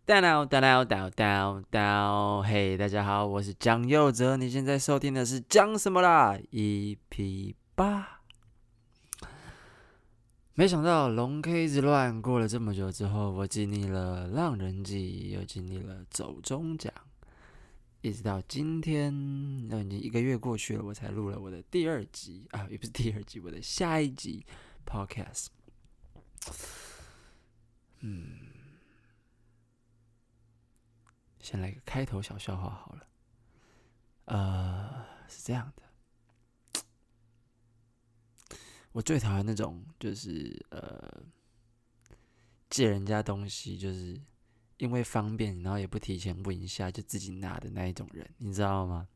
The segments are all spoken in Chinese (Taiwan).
down down down d o n o w 嘿，大家好，我是蔣佑哲，你現在收聽的是蔣什麼啦 EP 八。沒想到龍 K 之亂過了這麼久之後，我經歷了浪人祭，又經歷了走鐘獎，一直到今天，都已經一個月過去了，我才錄了我的第二集啊，也不是第二集，我的下一集 Podcast。嗯。先來個開頭小笑話好了。呃，是這樣的，我最討厭那種就是呃借人家東西，就是因為方便，然後也不提前問一下就自己拿的那一種人，你知道嗎？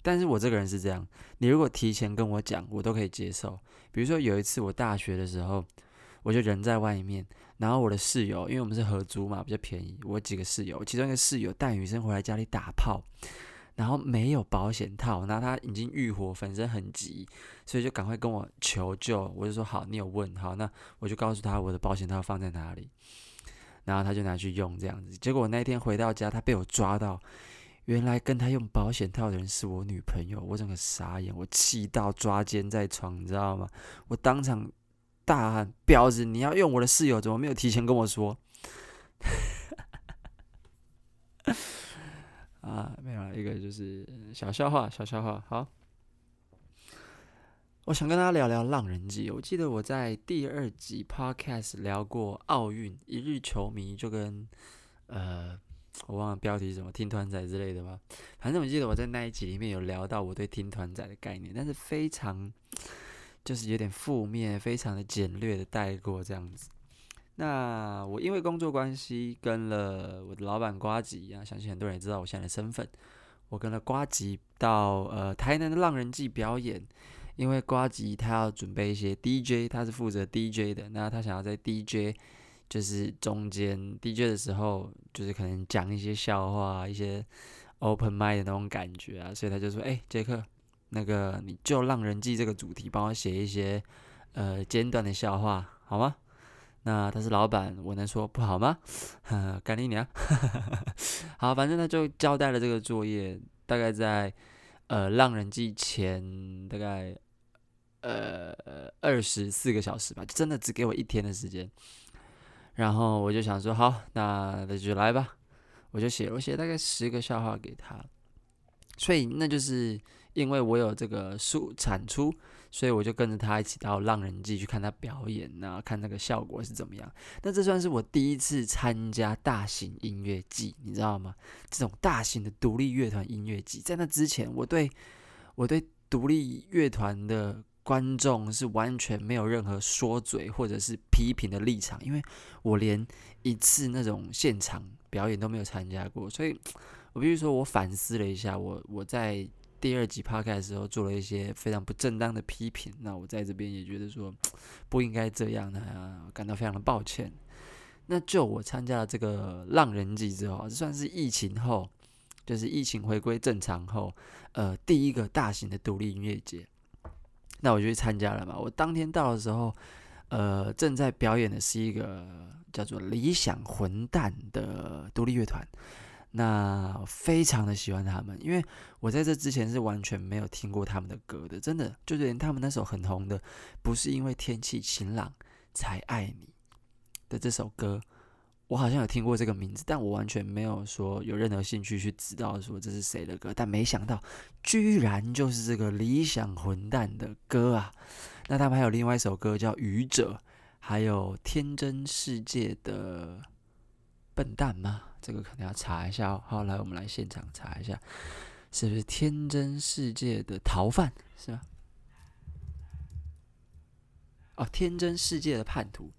但是我這個人是這樣，你如果提前跟我講，我都可以接受。比如說有一次我大學的時候，我就人在外面，然後我的室友，因為我們是合租嘛，比較便宜。我幾個室友，其中一個室友帶女生回來家裡打炮，然後沒有保險套，那他已經欲火焚身很急，所以就趕快跟我求救。我就說好，你有問好，那我就告訴他我的保險套放在哪裡。然後他就拿去用這樣子。結果我那一天回到家，他被我抓到，原來跟他用保險套的人是我女朋友，我整個傻眼，我氣到抓姦在床，你知道嗎？我當場。大喊：“婊子！你要用我的室友，怎麼沒有提前跟我說？” 啊，沒有一個就是小笑話，小笑話。好，我想跟大家聊聊《浪人祭》。我記得我在第二集 Podcast 聊過奧運一日球迷，就跟呃，我忘了標題是什麼，聽團仔之類的吧。反正我記得我在那一集裡面有聊到我對聽團仔的概念，但是非常。就是有點負面，非常的簡略的帶過這樣子。那我因為工作關係跟了我的老板呱吉樣、啊，相信很多人也知道我現在的身份。我跟了呱吉到呃台南的浪人祭表演，因為呱吉他要準備一些 DJ，他是負責 DJ 的。那他想要在 DJ 就是中間 DJ 的時候，就是可能講一些笑話、一些 open mind 的那種感覺啊，所以他就說：“哎、欸，傑克。”那個你就《浪人祭》這個主題幫我寫一些，呃，簡短的笑話好嗎？那他是老闆，我能說不好嗎？幹你娘 好，反正他就交代了這個作業，大概在呃《浪人祭》前大概呃二十四個小時吧，就真的只給我一天的時間。然後我就想說，好，那那就來吧，我就寫，我寫大概十個笑話給他。所以那就是。因為我有這個書產出，所以我就跟着他一起到《浪人祭》去看他表演吶，看那個效果是怎麼樣。那這算是我第一次參加大型音樂祭，你知道嗎？這種大型的獨立樂團音樂祭，在那之前，我對我對獨立樂團的觀眾是完全沒有任何說嘴或者是批評的立場，因為我連一次那種現場表演都沒有參加過，所以我必須說，我反思了一下，我我在。第二集趴開的時候做了一些非常不正當的批評，那我在這邊也覺得說不應該這樣呢、啊，感到非常的抱歉。那就我參加了這個浪人祭之後，這算是疫情後，就是疫情回歸正常後，呃，第一個大型的獨立音樂節，那我就去參加了嘛。我當天到的時候，呃，正在表演的是一個叫做理想混蛋的獨立樂團。那非常的喜歡他們，因為我在這之前是完全沒有聽過他們的歌的，真的就是連他們那首很紅的，不是因為天氣晴朗才愛你的這首歌，我好像有聽過這個名字，但我完全沒有說有任何興趣去知道說這是誰的歌，但沒想到居然就是這個理想混蛋的歌啊！那他們還有另外一首歌叫愚者，還有天真世界的。笨蛋嗎？這個可能要查一下哦。好，來，我們來現場查一下，是不是天真世界的逃犯？是吧？哦，天真世界的叛徒，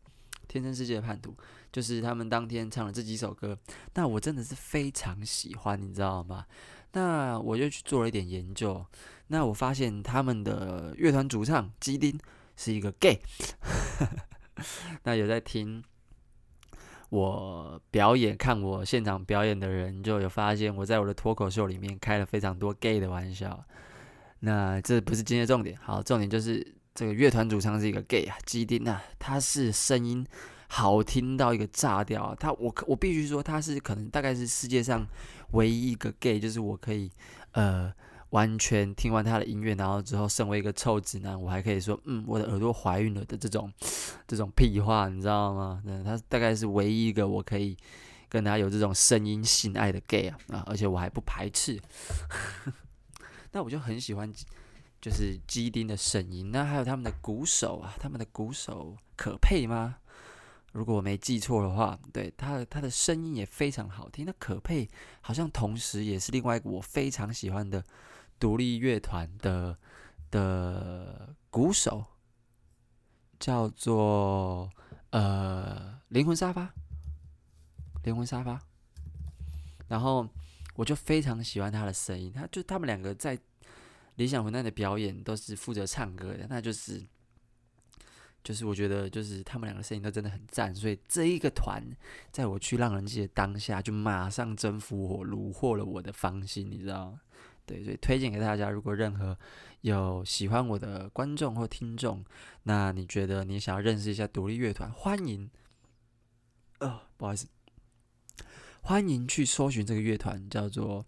天真世界的叛徒，就是他們當天唱了這幾首歌。那我真的是非常喜歡，你知道嗎？那我就去做了一點研究，那我發現他們的樂團主唱基丁是一個 gay。 那有在聽？我表演，看我現場表演的人就有發現，我在我的脫口秀裡面開了非常多 gay 的玩笑。那這不是今天的重點，好，重點就是這個樂團主唱是一個 gay 啊，基丁啊，他是聲音好聽到一個炸掉啊，他我我必須說他是可能大概是世界上唯一一個 gay，就是我可以呃。完全聽完他的音樂，然後之後身為一個臭直男，我還可以說，嗯，我的耳朵懷孕了的這種這種屁話，你知道嗎？他大概是唯一一個我可以跟他有這種聲音性愛的 gay 啊啊！而且我還不排斥， 那我就很喜歡就是基丁的聲音，那還有他們的鼓手啊，他們的鼓手可配嗎？如果我沒記錯的話，對，他的他的聲音也非常好聽。那可佩好像同時也是另外一個我非常喜歡的獨立樂團的的鼓手，叫做呃、靈魂沙發，靈魂沙發。然後我就非常喜歡他的聲音。他就他們兩個在理想混蛋的表演都是負責唱歌的，那就是。就是我覺得，就是他們兩個聲音都真的很讚，所以這一個團在我去浪人祭當下，就馬上征服我，虜獲了我的芳心，你知道嗎？對，所以推薦給大家，如果任何有喜歡我的觀眾或聽眾，那你覺得你想要認識一下獨立樂團，歡迎，呃，不好意思，歡迎去搜尋這個樂團，叫做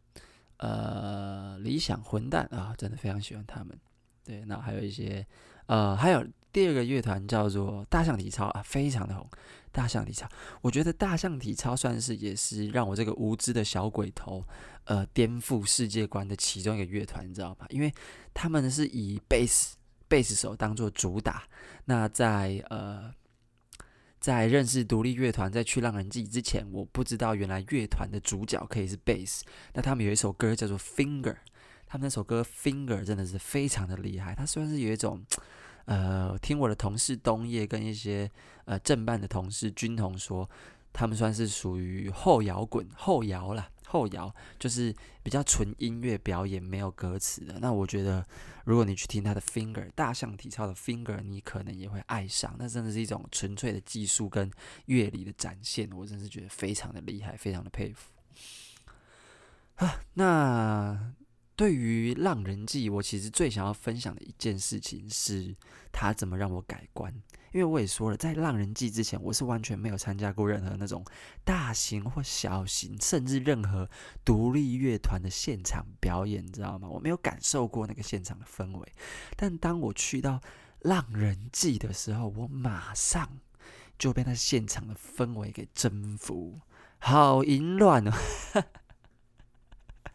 呃理想混蛋啊、呃，真的非常喜歡他們。對，那還有一些，呃，還有。第二個樂團叫做大象體操啊，非常的紅。大象體操，我覺得大象體操算是也是讓我這個無知的小鬼頭，呃，顛覆世界觀的其中一個樂團，你知道吧？因為他們是以貝斯貝斯手當做主打。那在呃，在認識獨立樂團，在去浪人祭之前，我不知道原來樂團的主角可以是貝斯。那他們有一首歌叫做《Finger》，他們那首歌《Finger》真的是非常的厲害。它雖然是有一種。呃，聽我的同事東葉跟一些呃正辦的同事軍同說，他們算是屬於後搖滾，後搖啦，後搖就是比較純音樂表演，沒有歌詞的。那我覺得，如果你去聽他的 finger 大象體操的 finger，你可能也會愛上。那真的是一種純粹的技術跟樂理的展現，我真的是覺得非常的厲害，非常的佩服。那。對於《浪人祭》，我其實最想要分享的一件事情是，他怎麼讓我改觀。因為我也說了，在《浪人祭》之前，我是完全沒有參加過任何那種大型或小型，甚至任何獨立樂團的現場表演，知道嗎？我沒有感受過那個現場的氛圍。但當我去到《浪人祭》的時候，我馬上就被那現場的氛圍給征服，好淫亂哦！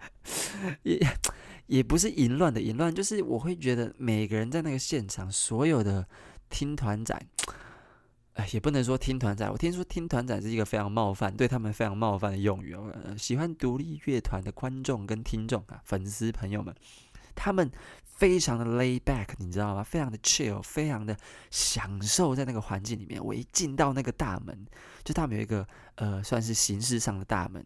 也也不是淫亂的淫亂，就是我會覺得每個人在那個現場，所有的聽團仔，哎、呃，也不能說聽團仔，我聽說聽團仔是一個非常冒犯，對他們非常冒犯的用語，哦呃。喜歡獨立樂團的觀眾跟聽眾啊，粉絲朋友們，他們非常的 lay back，你知道嗎？非常的 chill，非常的享受在那個環境裡面。我一進到那個大門，就他們有一個呃，算是形式上的大門。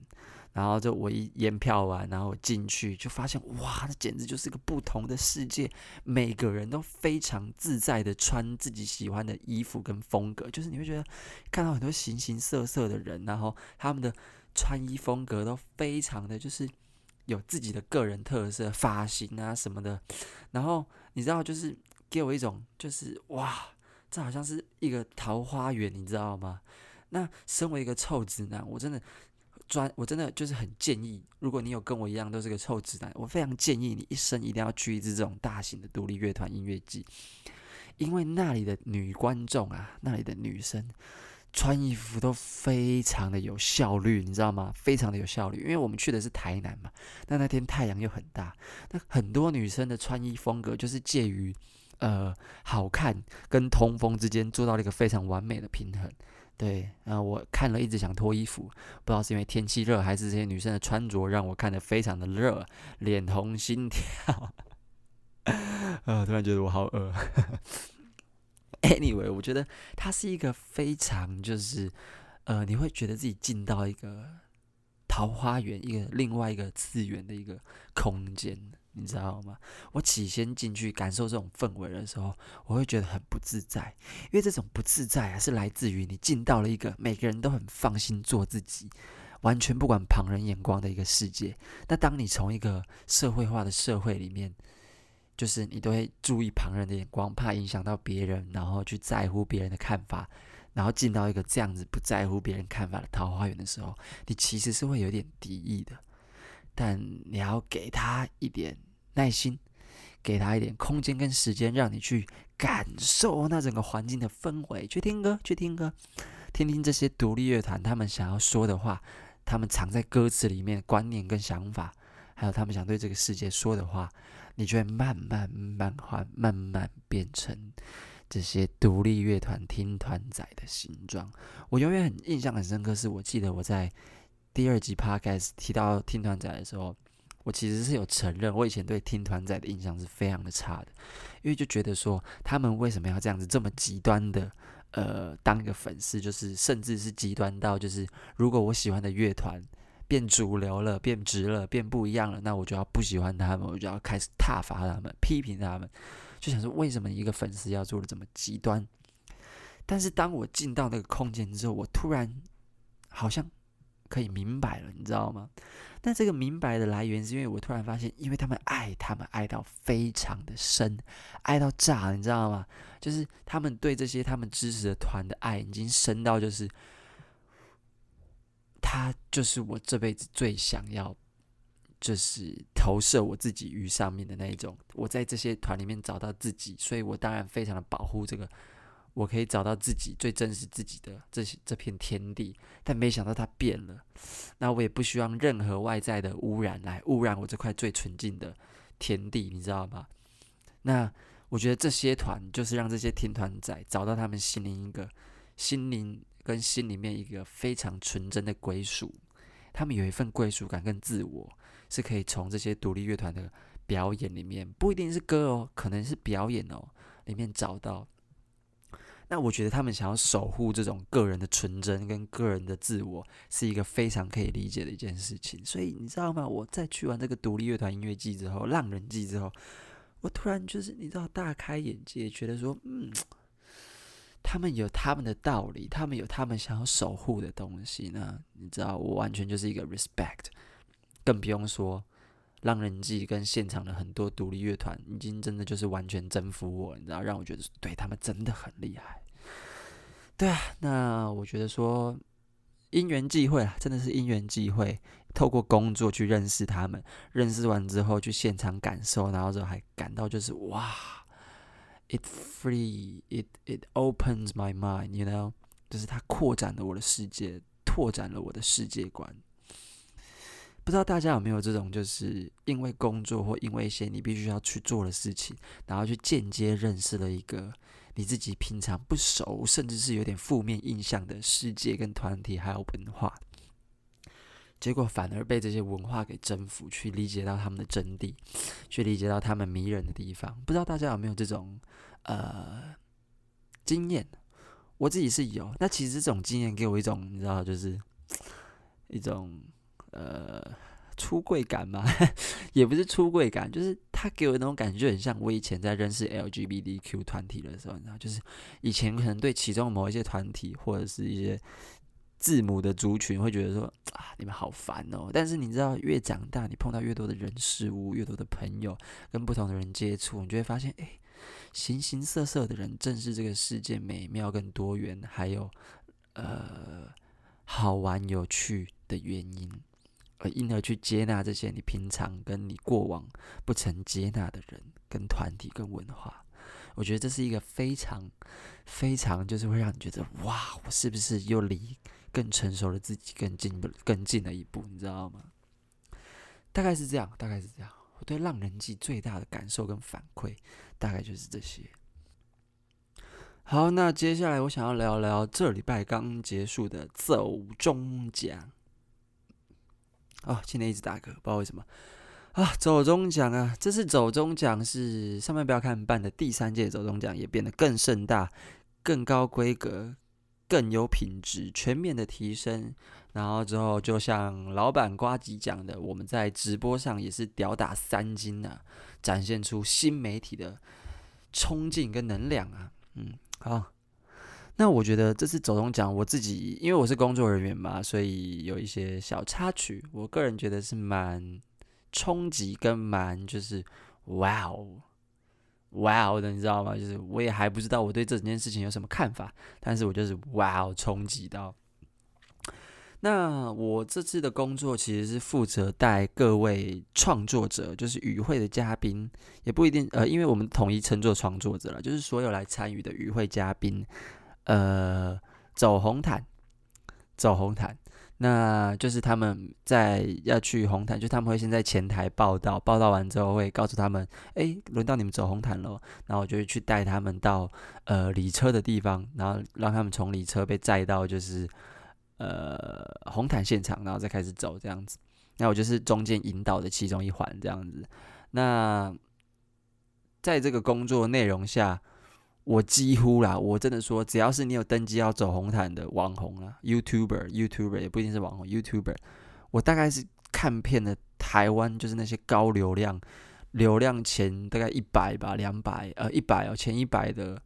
然後就我一驗票完，然後進去就發現，哇，那簡直就是個不同的世界，每個人都非常自在的穿自己喜歡的衣服跟風格，就是你會覺得看到很多形形色色的人，然後他們的穿衣風格都非常的，就是有自己的個人特色，髮型啊什麼的。然後你知道，就是給我一種，就是哇，這好像是一個桃花源，你知道嗎？那身為一個臭直男，我真的。專，我真的就是很建議，如果你有跟我一樣都是個臭直男，我非常建議你一生一定要去一次這種大型的獨立樂團音樂祭，因為那裡的女觀眾啊，那裡的女生穿衣服都非常的有效率，你知道嗎？非常的有效率，因為我們去的是台南嘛，那那天太陽又很大，那很多女生的穿衣風格就是介於呃好看跟通風之間，做到了一個非常完美的平衡。對，然後、呃、我看了一直想脫衣服，不知道是因為天氣熱，還是這些女生的穿着讓我看得非常的熱，臉紅心跳， 呃、突然覺得我好餓。 Anyway，我覺得它是一個非常就是，呃，你會覺得自己進到一個桃花源，一個另外一個次元的一個空間。你知道嗎？我起先進去感受這種氛圍的時候，我會覺得很不自在，因為這種不自在啊，是來自於你進到了一個每個人都很放心做自己，完全不管旁人眼光的一個世界。那當你從一個社會化的社會裡面，就是你都會注意旁人的眼光，怕影響到別人，然後去在乎別人的看法，然後進到一個這樣子不在乎別人看法的桃花源的時候，你其實是會有點敵意的。但你要給他一點耐心，給他一點空間跟時間，讓你去感受那整個環境的氛圍，去聽歌，去聽歌，聽聽這些獨立樂團他們想要說的話，他們藏在歌詞裡面觀念跟想法，還有他們想對這個世界說的話，你就會慢慢慢慢慢慢變成這些獨立樂團聽團仔的形狀。我永遠很印象很深刻，是我記得我在。第二集 podcast 提到聽團仔的時候，我其實是有承認，我以前對聽團仔的印象是非常的差的，因為就覺得說他們為什麼要這樣子這麼極端的，呃，當一個粉絲就是甚至是極端到就是如果我喜歡的樂團變主流了，變直了，變不一樣了，那我就要不喜歡他們，我就要開始撻伐他們，批評他們，就想說為什麼一個粉絲要做的這麼極端？但是當我進到那個空間之後，我突然好像。可以明白了，你知道嗎？但這個明白的來源是因為我突然發現，因為他們愛，他們愛到非常的深，愛到炸，你知道嗎？就是他們對這些他們支持的團的愛已經深到，就是他就是我這輩子最想要，就是投射我自己於上面的那一種。我在這些團裡面找到自己，所以我當然非常的保護這個。我可以找到自己最真實自己的這些這片天地，但沒想到它變了。那我也不希望任何外在的污染來污染我這塊最純淨的天地，你知道嗎？那我覺得這些團就是讓這些聽團仔找到他們心靈一個心靈跟心裡面一個非常純真的歸屬，他們有一份歸屬感跟自我，是可以從這些獨立樂團的表演裡面，不一定是歌哦，可能是表演哦，裡面找到。那我覺得他們想要守護這種個人的純真跟個人的自我，是一個非常可以理解的一件事情。所以你知道嗎？我在去完這個獨立樂團音樂祭之後，浪人祭之後，我突然就是你知道大開眼界，覺得說，嗯，他們有他們的道理，他們有他們想要守護的東西呢。你知道，我完全就是一個 respect，更不用說。浪人祭跟現場的很多獨立樂團，已經真的就是完全征服我，你知道，讓我覺得對他們真的很厲害。對啊，那我覺得說因緣際會啊，真的是因緣際會，透過工作去認識他們，認識完之後去現場感受，然後之後還感到就是哇，it free it it opens my mind，you know，就是它擴展了我的世界，拓展了我的世界觀。不知道大家有沒有這種，就是因為工作或因為一些你必須要去做的事情，然後去間接認識了一個你自己平常不熟，甚至是有點負面印象的世界跟團體，還有文化，結果反而被這些文化給征服，去理解到他們的真諦，去理解到他們迷人的地方。不知道大家有沒有這種呃經驗？我自己是有。那其實這種經驗給我一種，你知道，就是一種。呃，出櫃感嘛呵呵，也不是出櫃感，就是他給我那種感覺，就很像我以前在認識 LGBTQ 團體的時候，你知道，就是以前可能對其中某一些團體或者是一些字母的族群，會覺得說啊，你們好煩哦，喔。但是你知道，越長大，你碰到越多的人事物，越多的朋友，跟不同的人接觸，你就會發現，哎，欸，形形色色的人，正是這個世界美妙跟多元，還有呃好玩有趣的原因。而因而去接納這些你平常跟你過往不曾接納的人、跟團體、跟文化，我覺得這是一個非常、非常就是會讓你覺得哇，我是不是又離更成熟的自己更近、更近了一步？你知道嗎？大概是這樣，大概是這樣。我對浪人祭最大的感受跟反饋，大概就是這些。好，那接下來我想要聊聊這禮拜剛結束的走鐘獎。啊、哦，今天一直打嗝，不知道為什麼。啊，走鐘獎啊，這是走鐘獎，是上班不要看辦的第三屆走鐘獎，也變得更盛大、更高規格、更有品質，全面的提升。然後之後就像老闆呱吉講的，我們在直播上也是屌打三金吶、啊，展現出新媒體的衝勁跟能量啊。嗯，好。那我覺得這次走鐘獎，我自己因為我是工作人員嘛，所以有一些小插曲。我個人覺得是蠻衝擊跟蠻就是哇哦哇哦的，你知道嗎？就是我也還不知道我對這整件事情有什麼看法，但是我就是哇哦衝擊到。那我這次的工作其實是負責帶各位創作者，就是與會的嘉賓也不一定，呃，因為我們統一稱作創作者了，就是所有來參與的與會嘉賓。呃，走紅毯，走紅毯，那就是他們在要去紅毯，就他們會先在前台報到，報到完之後會告訴他們，哎、欸，輪到你們走紅毯咯。然後我就會去帶他們到呃禮車的地方，然後讓他們從禮車被載到就是呃紅毯現場，然後再開始走這樣子。那我就是中間引導的其中一環這樣子。那在這個工作內容下。我幾乎啦，我真的說，只要是你有登記要走紅毯的網紅啦，YouTuber，YouTuber YouTuber 也不一定是網紅，YouTuber，我大概是看遍了台灣，就是那些高流量、流量前大概一百吧、兩百呃一百、哦、前一百的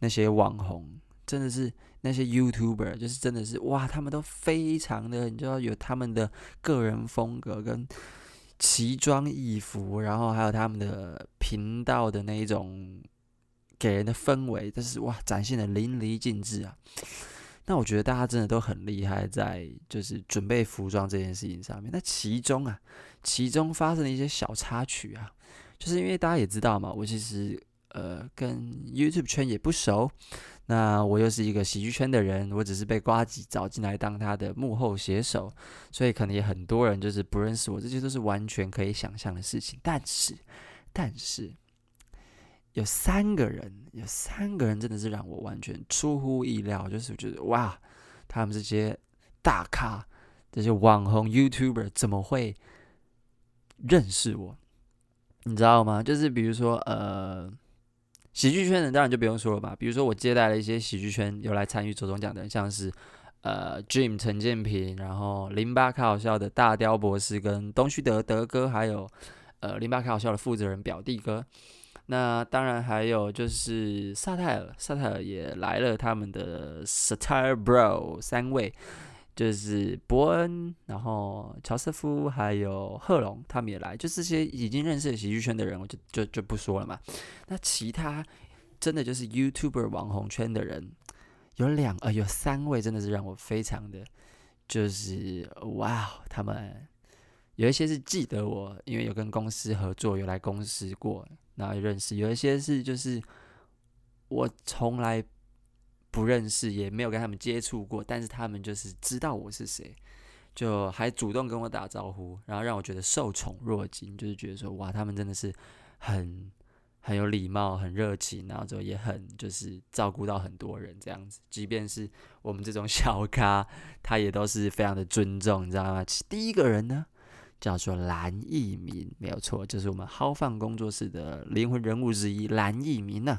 那些網紅，真的是那些 YouTuber，就是真的是哇，他們都非常的，你知道有他們的個人風格跟奇裝異服，然後還有他們的頻道的那一種。給人的氛圍，但是哇，展現得淋漓盡致啊！那我覺得大家真的都很厲害，在就是準備服裝這件事情上面。那其中啊，其中發生了一些小插曲啊，就是因為大家也知道嘛，我其實呃跟 YouTube 圈也不熟，那我又是一個喜劇圈的人，我只是被呱吉找進來當他的幕後寫手，所以可能也很多人就是不認識我，這些都是完全可以想象的事情。但是，但是。有三個人，有三個人真的是讓我完全出乎意料，就是覺得哇，他們這些大咖、這些網紅 YouTuber 怎麼會認識我？你知道嗎？就是比如說，呃，喜劇圈的當然就不用說了吧。比如說，我接待了一些喜劇圈有來參與走鐘獎的，像是呃，Jim 陳建平，然後零八開好笑的大雕博士跟東旭德德哥，還有呃，零八開好笑的負責人表弟哥。那當然還有就是薩泰爾，薩泰爾也來了，他們的 Satire Bro 三位，就是伯恩，然後喬瑟夫，還有賀龍，他們也來，就這些已經認識喜劇圈的人，我就就就不說了嘛。那其他真的就是 YouTuber 網紅圈的人，有兩呃有三位真的是讓我非常的就是哇，他們有一些是記得我，因為有跟公司合作，有來公司過。然後也認識，有一些是就是我從來不認識，也沒有跟他們接觸過，但是他們就是知道我是誰，就還主動跟我打招呼，然後讓我覺得受寵若驚，就是覺得說哇，他們真的是很很有禮貌、很熱情，然後就也很就是照顧到很多人這樣子，即便是我們這種小咖，他也都是非常的尊重，你知道嗎？其實第一個人呢？叫做藍奕民，沒有錯，就是我們豪放工作室的靈魂人物之一藍奕民呢。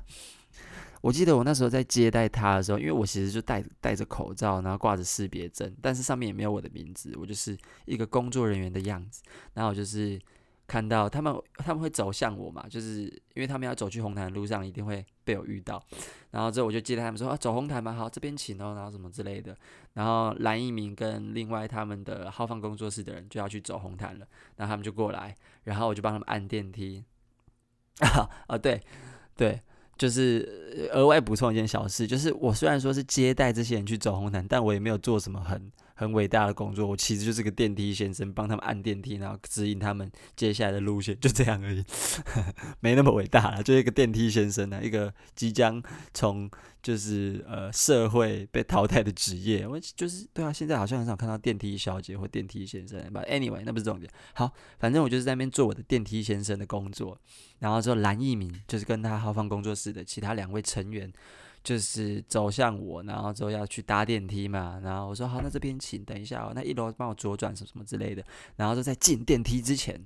我記得我那時候在接待他的時候，因為我其實就戴戴着口罩，然後掛着識別證，但是上面也沒有我的名字，我就是一個工作人員的樣子，然後我就是。看到他們，他們會走向我嘛，就是因為他們要走去紅毯的路上，一定會被我遇到。然後之後我就接待他們說：“啊，走紅毯吧，好，這邊請哦”，然後什麼之類的。然後藍一鳴跟另外他們的浩方工作室的人就要去走紅毯了，然後他們就過來，然後我就幫他們按電梯。啊啊，對對，就是額外補充一件小事，就是我雖然說是接待這些人去走紅毯，但我也沒有做什麼很。很偉大的工作，我其實就是個電梯先生，幫他們按電梯，然後指引他們接下來的路線，就這樣而已， 沒那麼偉大了，就是一個電梯先生呢，一個即將從就是呃社會被淘汰的職業。我就是對啊，現在好像很少看到電梯小姐或電梯先生吧。But anyway，那不是重點。好，反正我就是在那邊做我的電梯先生的工作，然後之後藍奕明就是跟他浩方工作室的其他兩位成員。就是走向我，然後之後要去搭電梯嘛，然後我說好，那這邊請，等一下哦，那一樓幫我左轉什麼什麼之類的，然後就在進電梯之前，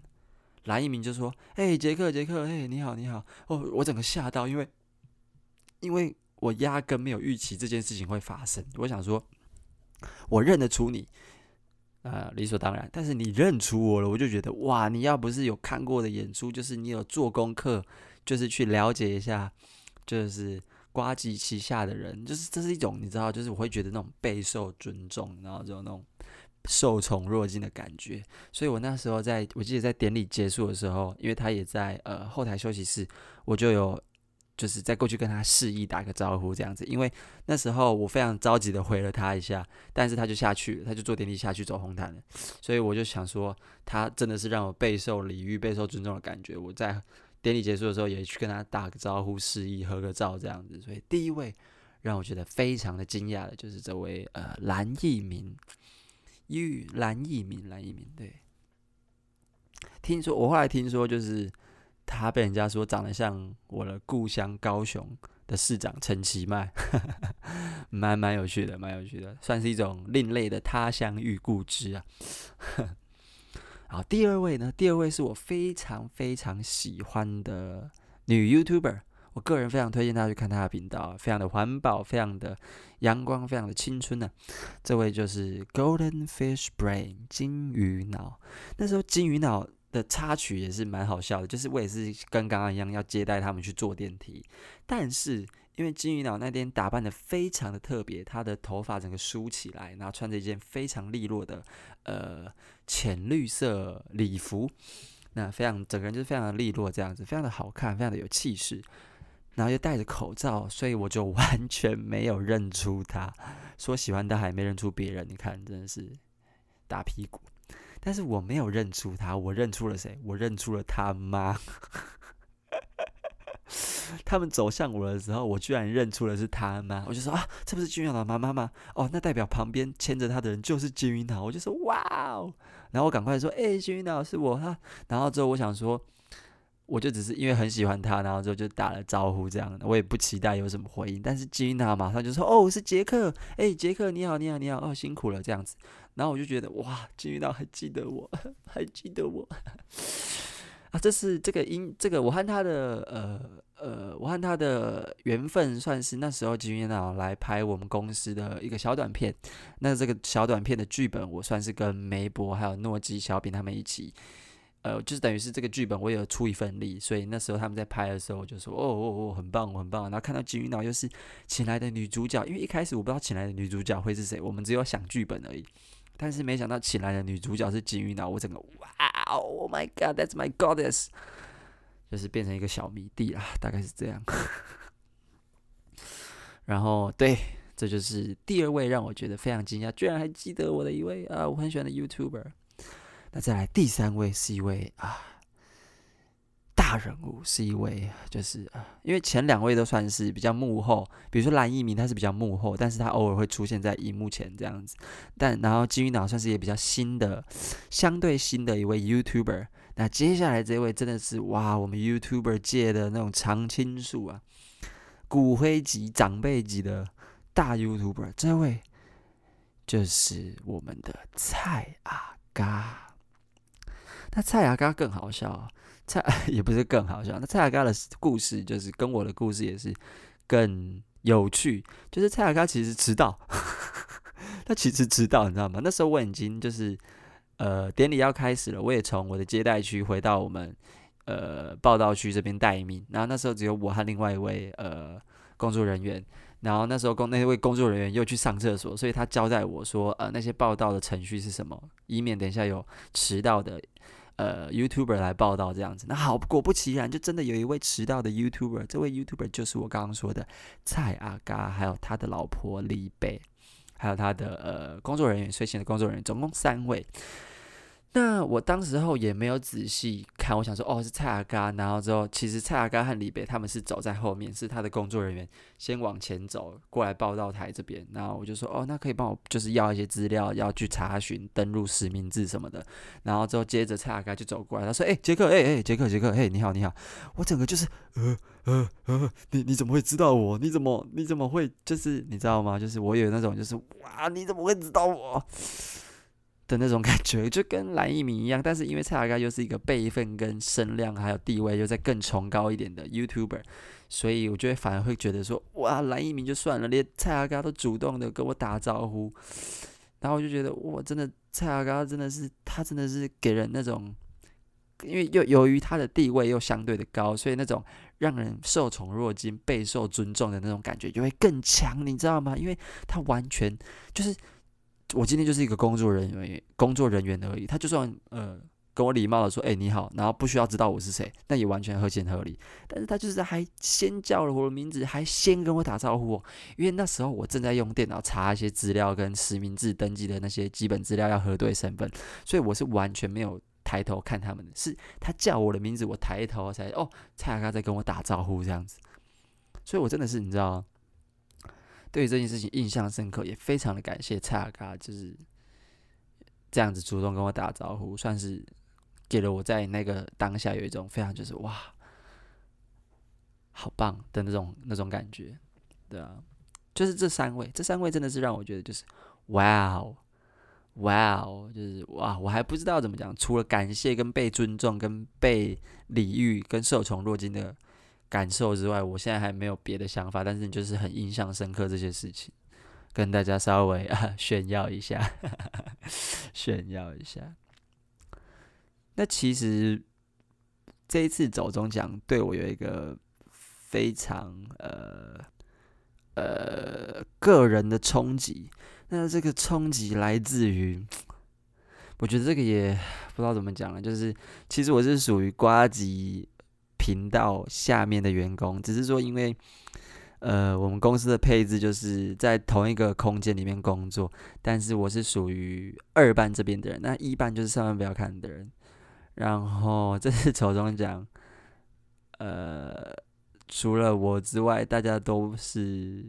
藍一鳴就說：“嘿，傑克，傑克，嘿，你好，你好。”哦，我整個嚇到，因為因為我壓根沒有預期這件事情會發生，我想說，我認得出你，啊、呃，理所當然，但是你認出我了，我就覺得哇，你要不是有看過的演出，就是你有做功課，就是去了解一下，就是。呱吉旗下的人，就是這是一種你知道，就是我會覺得那種備受尊重，然後就那種受寵若驚的感覺。所以我那時候在，我記得在典禮結束的時候，因為他也在呃後台休息室，我就有就是在過去跟他示意打個招呼這樣子。因為那時候我非常着急的回了他一下，但是他就下去，他就坐電梯下去走紅毯了。所以我就想說，他真的是讓我備受禮遇、備受尊重的感覺。我在。典禮結束的時候，也去跟他打個招呼、示意、合個照這樣子。所以第一位讓我覺得非常的驚訝的就是這位呃藍奕明，玉藍奕明，藍奕明對。聽說我後來聽說，就是他被人家說長得像我的故鄉高雄的市長陳其邁，蠻 蠻有趣的，蠻有趣的，算是一種另類的他鄉遇故知啊。 好，第二位呢？第二位是我非常非常喜歡的女 YouTuber，我個人非常推薦大家去看她的頻道，非常的環保，非常的陽光，非常的青春呢、啊。這位就是 Golden Fish Brain 金魚腦。那時候金魚腦的插曲也是蠻好笑的，就是我也是跟剛剛一樣要接待他們去坐電梯，但是。因為金魚腦那天打扮得非常的特別，他的頭髮整個梳起來，然後穿着一件非常利落的呃淺綠色禮服，那非常整個人就非常的利落，這樣子非常的好看，非常的有氣勢，然後又戴着口罩，所以我就完全沒有認出他。說喜歡但還沒認出別人，你看真的是大屁股，但是我沒有認出他，我認出了誰？我認出了他媽。他們走向我的時候，我居然認出了是他媽，我就說，啊，這不是金玉島媽媽嗎？哦，那代表旁邊牽着他的人就是金玉島，我就說哇哦，然後我趕快說，哎、欸，金玉島是我哈，然後之後我想說，我就只是因為很喜歡他，然後之後就打了招呼這樣，我也不期待有什麼回應，但是金玉島馬上就說，哦，是傑克，哎、欸，杰克你好，你好，你好，哦，辛苦了這樣子，然後我就覺得哇，金玉島還記得我，還記得我。 啊，這是這個因這個，我和他的呃呃，我和他的緣分算是那時候金魚腦來拍我們公司的一個小短片。那這個小短片的劇本，我算是跟梅博還有諾基小品他們一起，呃，就是等於是這個劇本我也有出一份力。所以那時候他們在拍的時候，我就說哦哦哦，很棒，很棒。然後看到金魚腦又是請來的女主角，因為一開始我不知道請來的女主角會是誰，我們只有想劇本而已。但是沒想到起來的女主角是金魚腦，我整個哇哦，oh my God，That's my goddess，就是變成一個小迷弟啦，大概是這樣。 然後對，這就是第二位讓我覺得非常驚訝，居然還記得我的一位啊，我很喜歡的 YouTuber。那再來第三位是一位啊。大人物是一位，就是、呃、因為前兩位都算是比較幕後，比如說藍奕明，他是比較幕後，但是他偶爾會出現在熒幕前這樣子。但然後金魚腦算是也比較新的，相對新的一位 YouTuber。那接下來這位真的是哇，我們 YouTuber 界的那種常青樹啊，骨灰級長輩級的大 YouTuber，這位就是我們的蔡阿嘎。那蔡阿嘎更好笑啊。蔡也不是更好笑，那蔡阿嘎的故事就是跟我的故事也是更有趣。就是蔡阿嘎其實遲到， 他其實遲到，你知道嗎？那時候我已經就是呃典禮要開始了，我也從我的接待區回到我們呃報道區這邊待命。然後那時候只有我和另外一位呃工作人員，然後那時候工那位工作人員又去上廁所，所以他交代我說呃那些報道的程序是什麼，以免等一下有遲到的。呃，YouTuber 來報道這樣子，那好，果不其然，就真的有一位遲到的 YouTuber，這位 YouTuber 就是我剛剛說的蔡阿嘎，還有他的老婆李貝，還有他的呃工作人員，隨行的工作人員，總共三位。那我當時候也沒有仔細看，我想說，哦是蔡阿嘎，然後之後其實蔡阿嘎和李北他們是走在後面，是他的工作人員先往前走過來報到台這邊，然後我就說，哦那可以幫我就是要一些資料，要去查詢登錄實名制什麼的，然後之後接着蔡阿嘎就走過來，他說，哎傑克哎哎傑克傑克哎你好你好，我整個就是呃呃呃你你怎麼會知道我？你怎麼你怎麼會就是你知道嗎？就是我有那種就是哇你怎麼會知道我？的那種感覺，就跟藍一鳴一樣，但是因為蔡阿嘎又是一個輩分、跟聲量還有地位又在更崇高一點的 YouTuber，所以我就會反而會覺得說，哇，藍一鳴就算了，連蔡阿嘎都主動的跟我打招呼，然後我就覺得，哇，真的蔡阿嘎真的是，他真的是給人那種，因為又由於他的地位又相對的高，所以那種讓人受寵若驚、備受尊重的那種感覺就會更強，你知道嗎？因為他完全就是。我今天就是一個工作人員，工作人員而已。他就算呃跟我禮貌的說：“誒、欸，你好。”然後不需要知道我是誰，那也完全合情合理。但是他就是還先叫了我的名字，還先跟我打招呼。因為那時候我正在用電腦查一些資料，跟實名制登記的那些基本資料要核對身份，所以我是完全沒有抬頭看他們的。是他叫我的名字，我抬頭才哦，蔡阿嘎在跟我打招呼這樣子。所以，我真的是你知道。對這件事情印象深刻，也非常的感謝蔡阿嘎，就是這樣子主動跟我打招呼，算是給了我在那個當下有一種非常就是哇，好棒的那種那種感覺。對啊，就是這三位，這三位真的是讓我覺得就是哇哇，wow, wow, 就是哇，我還不知道怎麼講，除了感謝跟被尊重、跟被禮遇、跟受寵若驚的感受之外，我現在還沒有別的想法，但是就是很印象深刻這些事情，跟大家稍微啊炫耀一下呵呵，炫耀一下。那其實這一次走鐘獎，對我有一個非常呃呃個人的衝擊。那這個衝擊來自於，我覺得這個也不知道怎麼講了，就是其實我是屬於呱吉頻道下面的員工，只是說，因為呃，我們公司的配置就是在同一個空間裡面工作，但是我是屬於二班這邊的人，那一班就是上班不要看的人。然後這是走鐘獎，呃，除了我之外，大家都是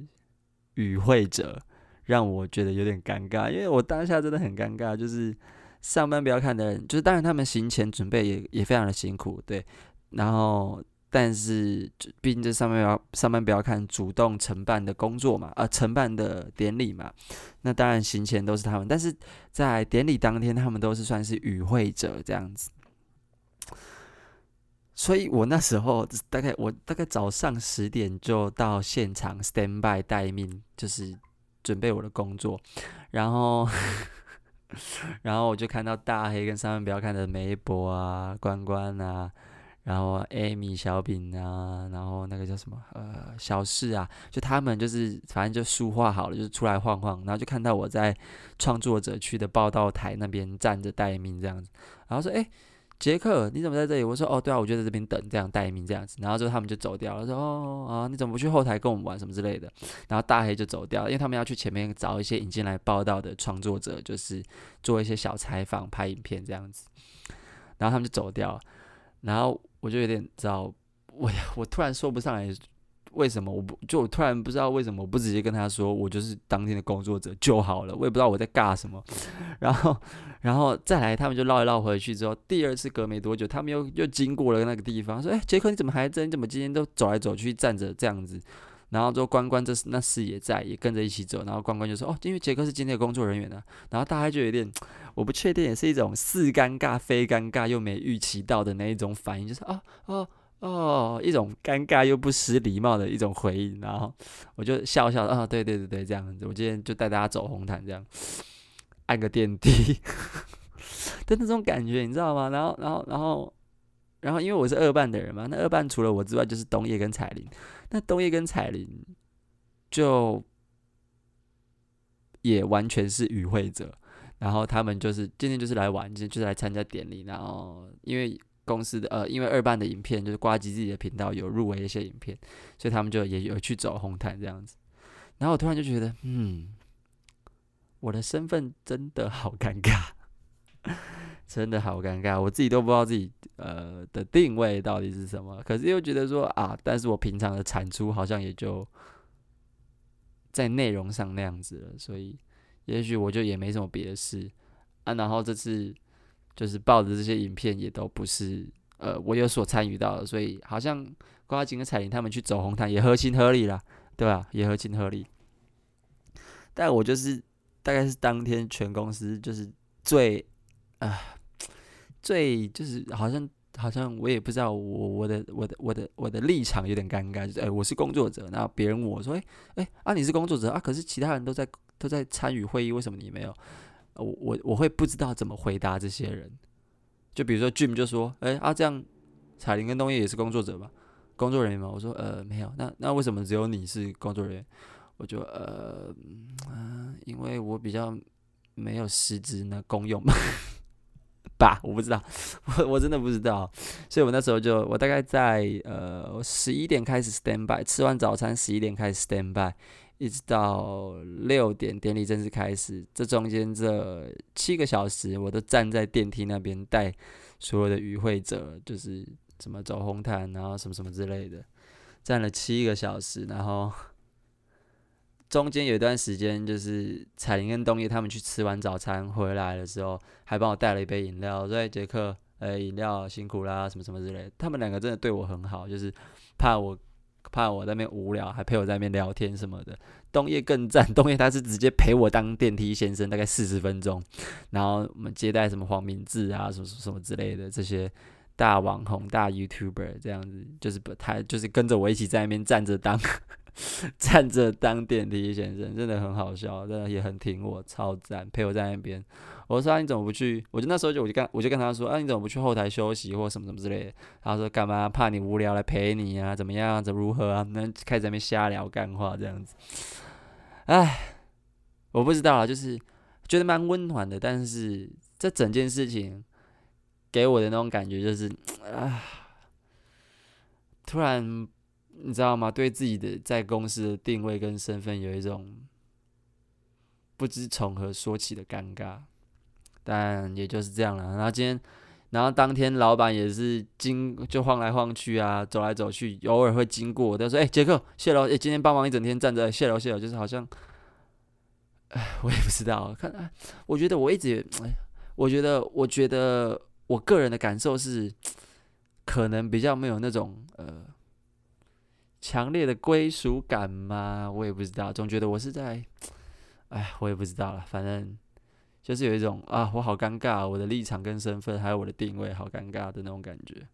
與會者，讓我覺得有點尷尬，因為我當下真的很尷尬，就是上班不要看的人，就是當然他們行前準備也也非常的辛苦，對。然後，但是，畢竟這上面要上班不要看主動承辦的工作嘛，啊、呃，承辦的典禮嘛。那當然行前都是他們，但是在典禮當天，他們都是算是與會者這樣子。所以我那時候大概我大概早上十點就到現場 stand by 待命，就是準備我的工作。然後， 然後我就看到大黑跟上班不要看的梅博啊、關關啊。然後艾米、小餅啊，然後那個叫什麼呃小四啊，就他們就是反正就梳化好了，就出來晃晃，然後就看到我在創作者區的報道台那邊站着待命這樣子。然後說：“哎，杰克，你怎麼在這裡？”我說：“哦，對啊，我就在這邊等，這樣待命這樣子。”然後之後他們就走掉了，說：“哦啊、哦哦，你怎麼不去後台跟我們玩什麼之類的？”然後大黑就走掉了，因為他們要去前面找一些引進來報道的創作者，就是做一些小採訪、拍影片這樣子。然後他們就走掉了，然後。我就有點糟，我我突然說不上來為什麼，我不就我突然不知道為什麼，我不直接跟他說我就是當天的工作者就好了，我也不知道我在尬什麼，然後然後再來他們就繞一繞回去之後，第二次隔沒多久，他們又又經過了那個地方，說哎傑克你怎麼還在？你怎麼今天都走來走去站着這樣子？然後就關關這那時也在也跟着一起走，然後關關就說哦，因為傑克是今天的工作人員呢、啊，然後大家就有點我不確定，也是一種似尷尬非尷尬又沒預期到的那一種反應，就是哦哦、啊啊、哦，一種尷尬又不失禮貌的一種回應，然後我就笑笑啊，對對對對，這樣子，我今天就帶大家走紅毯這樣，按個電梯， 的那種感覺你知道嗎？然後然後然後。然後然後，因為我是二班的人嘛，那二班除了我之外，就是東葉跟彩鈴。那東葉跟彩鈴就也完全是與會者，然後他們就是今天就是來玩，今天就是來參加典禮。然後，因為公司的呃，因為二班的影片就是呱吉自己的頻道有入圍一些影片，所以他們就也有去走紅毯這樣子。然後我突然就覺得，嗯，我的身份真的好尷尬。真的好尷尬，我自己都不知道自己呃的定位到底是什麼，可是又覺得說啊，但是我平常的產出好像也就在內容上那樣子了，所以也許我就也沒什麼別的事啊。然後這次就是報的這些影片也都不是呃我有所參與到的，所以好像瓜金和彩玲他們去走紅毯也合情合理了，對吧、啊？也合情合理。但我就是大概是當天全公司就是最啊。呃最就是好像好像我也不知道我我的我的我的我的，我的立場有點尷尬，哎、就是欸，我是工作者，然後別人問我說，哎、欸、哎、欸，啊你是工作者啊？可是其他人都在都在參與會議，為什麼你沒有？我我我會不知道怎麼回答這些人。就比如說 Jim 就說，哎、欸、啊，這樣彩玲跟東葉也是工作者吧？工作人員嘛？我說呃沒有，那那為什麼只有你是工作人員？我就呃嗯、呃，因為我比較沒有實質呢，公用嘛。吧，我不知道，我我真的不知道，所以我那時候就，我大概在呃我十一點開始 stand by，吃完早餐十一點開始 stand by，一直到六點典禮正式開始，這中間這七個小時我都站在電梯那邊帶所有的與會者，就是怎麼走紅毯然後什麼什麼之類的，站了七個小時，然後。中間有一段時間，就是彩玲跟東葉他們去吃完早餐回來的時候，還幫我帶了一杯飲料，所以傑克，呃、欸，飲料辛苦啦、啊，什麼什麼之類。他們兩個真的對我很好，就是怕我怕我在那邊無聊，還陪我在那邊聊天什麼的。東葉更讚，東葉他是直接陪我當電梯先生，大概四十分鐘。然後我們接待什麼黃明志啊，什麼什麼什麼之類的這些大網紅、大 YouTuber 這樣子，就是他就是跟着我一起在那邊站着當。站着當電梯先生，真的很好笑，真的也很挺我，超讚，陪我在那邊。我說啊：“你怎麼不去？”我就那時候就我就跟我就跟他說：“啊，你怎麼不去後台休息或什麼什麼之類的？”然後說：“幹嘛？怕你無聊來陪你啊？怎麼樣？怎麼如何啊？”那開始在那邊瞎聊幹話這樣子。唉，我不知道啊，就是覺得蠻溫暖的，但是這整件事情給我的那種感覺就是啊，突然。你知道嗎？對自己的在公司的定位跟身份有一種不知從何說起的尷尬，但也就是這樣了。然後今天，然後當天，老板也是經就晃來晃去啊，走來走去，偶爾會經過，他說：“哎、欸，傑克，謝了、欸，今天幫忙一整天，站在謝了，謝了。謝了”就是好像，哎，我也不知道。看，我覺得我一直，我覺得，我覺得，我個人的感受是，可能比較沒有那種呃。強烈的歸屬感嗎？我也不知道，總覺得我是在……哎，我也不知道了。反正就是有一種啊，我好尷尬，我的立場跟身份還有我的定位，好尷尬的那種感覺。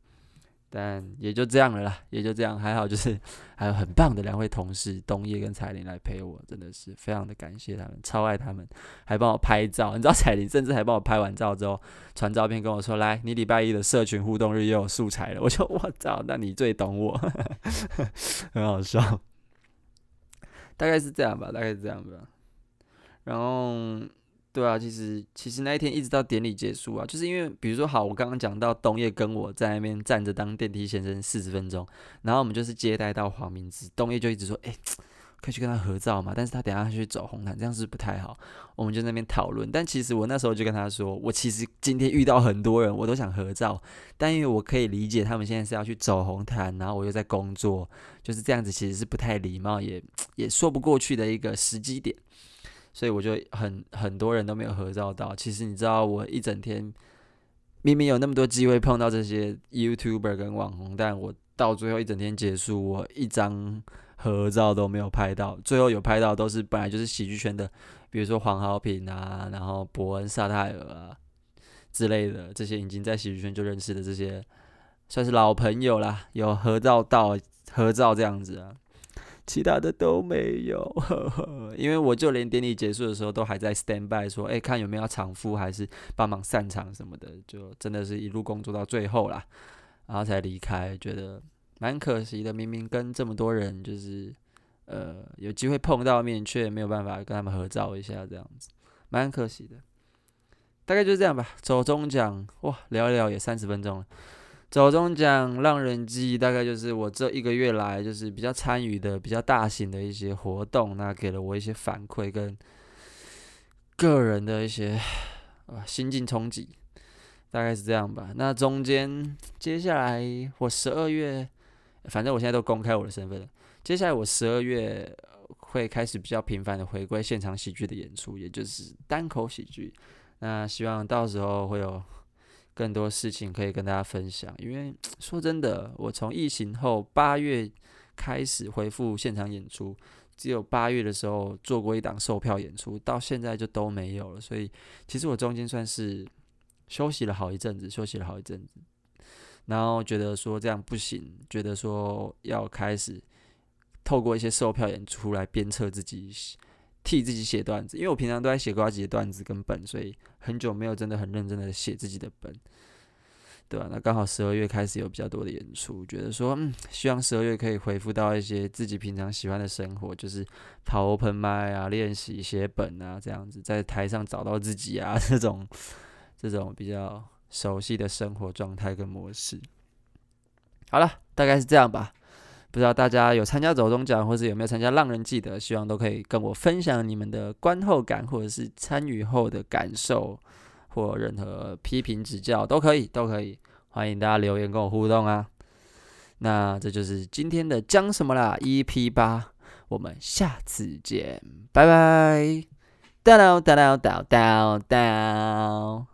但也就這樣了啦，也就這樣。還好就是還有很棒的兩位同事東葉跟彩玲來陪我，真的是非常的感謝他們，超愛他們，還幫我拍照。你知道彩玲甚至還幫我拍完照之後傳照片跟我說：“來，你禮拜一的社群互動日又有素材了。”我就，我說：“我操，那你最懂我， 很好笑。” 大概是這樣吧，大概是這樣吧，然後。對啊，其實其實那一天一直到典禮結束啊，就是因為比如說好，我剛剛講到東葉跟我在那邊站着當電梯先生四十分鐘，然後我們就是接待到黃明志，東葉就一直說，哎、欸，可以去跟他合照嘛，但是他等下去走紅毯，這樣是不，是不太好，我們就在那邊討論。但其實我那時候就跟他說，我其實今天遇到很多人，我都想合照，但因為我可以理解他們現在是要去走紅毯，然後我又在工作，就是這樣子，其實是不太禮貌，也也說不過去的一個時機點。所以我就很很多人都沒有合照到。其實你知道，我一整天明明有那麼多機會碰到這些 YouTuber 跟網紅，但我到最後一整天結束，我一張合照都沒有拍到。最後有拍到都是本來就是喜劇圈的，比如說黃豪平啊，然後博恩、薩泰爾啊之類的這些已經在喜劇圈就認識的這些，算是老朋友啦，有合照到合照這樣子啊。其他的都沒有，因為我就連典禮結束的時候都還在 stand by，說哎、欸，看有沒有要長付，還是幫忙散場什麼的，就真的是一路工作到最後啦，然後才離開，覺得蠻可惜的。明明跟這麼多人就是呃有機會碰到面，卻沒有辦法跟他們合照一下，這樣子蠻可惜的。大概就是這樣吧。走鐘獎哇，聊一聊也三十分鐘了。走鐘獎、浪人祭，大概就是我這一個月來就是比較參與的比較大型的一些活動，那給了我一些反饋跟個人的一些呃、啊、心境衝擊，大概是這樣吧。那中間接下來我十二月，反正我現在都公開我的身份了，接下來我十二月會開始比較頻繁的回歸現場喜劇的演出，也就是單口喜劇。那希望到時候會有。更多事情可以跟大家分享，因為說真的，我從疫情後八月開始恢復現場演出，只有八月的時候做過一檔售票演出，到現在就都沒有了。所以其實我中間算是休息了好一陣子，休息了好一陣子，然後覺得說這樣不行，覺得說要開始透過一些售票演出來鞭策自己。替自己寫段子，因為我平常都在寫呱吉的段子跟本，所以很久沒有真的很認真的寫自己的本，對吧、啊？那剛好十二月開始有比較多的演出，覺得說，嗯，希望十二月可以回復到一些自己平常喜歡的生活，就是跑 open mic 啊，練習寫本啊，這樣子在台上找到自己啊，這種這種比較熟悉的生活狀態跟模式。好了，大概是這樣吧。不知道大家有參加走鐘獎，或者有沒有參加《浪人祭》，希望都可以跟我分享你們的觀後感，或者是參與後的感受，或任何批評指教都可以，都可以歡迎大家留言跟我互動啊！那這就是今天的蔣什麼啦 EP8，我們下次見，拜拜！